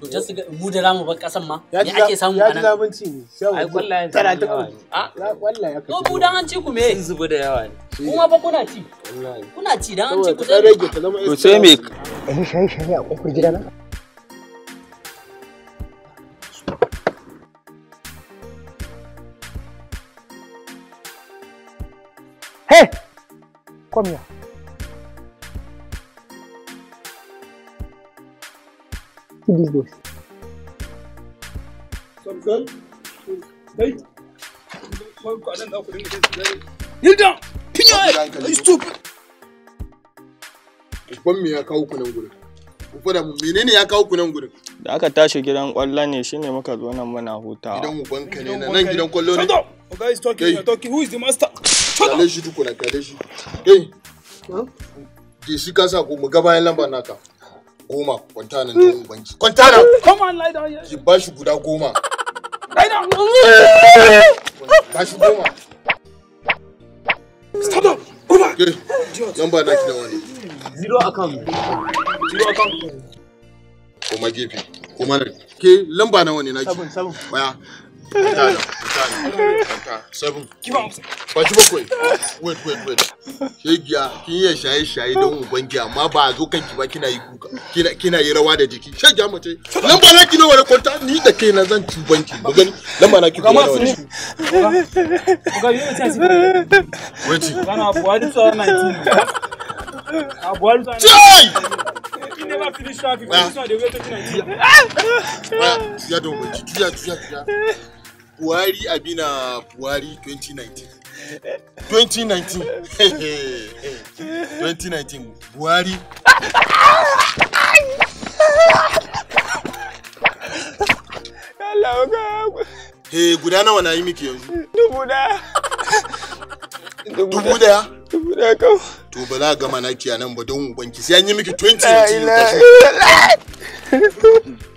To ta siga mu da zamu bar kasan ma. Me ake samu anan? Ya ji ne. Ai ta A kwallayen ya kace. To mu an ci ku me? Sun zubu da yawa ne. Kuma fa kuna ci. Kuna ci dan an ci ku sai. To sai me? Eh a kofar Hey! Come here. que days. dois. down! Pin your head! me ya kawo ku nan gurin? Ku fada mu menene ya kawo ku nan gurin? Da aka tashi gidan kwallo ne shine muka zo nan muna hutawa. Gidan ne nan gidan kwallo ne. is oh, talking, talking. Who is the master? Kale shi kale shi. Kai. shi sa ko mu ga bayan lamba naka. goma kwanta nan don ubanki kwanta nan come on guda goma lie down goma stop up goma zero account zero account koma gefe koma nan ke lamba naki seven ba shi bakwai wait wait wait kin iya shaye shaye don uban giya amma ba a zo kanki ba kina yi kuka kina yi rawa da jiki na ki nawa da kwanta ni da na zan ci banki ba gani lamba na ki kuma nawa da Buhari Abina Buhari 2019. 2019. 2019 Buhari. He guda nawa na yi miki yanzu? Dubu da. Dubu da. Dubu da kawai. To ba za gama naki a nan ba ubanki sai an yi miki 2019.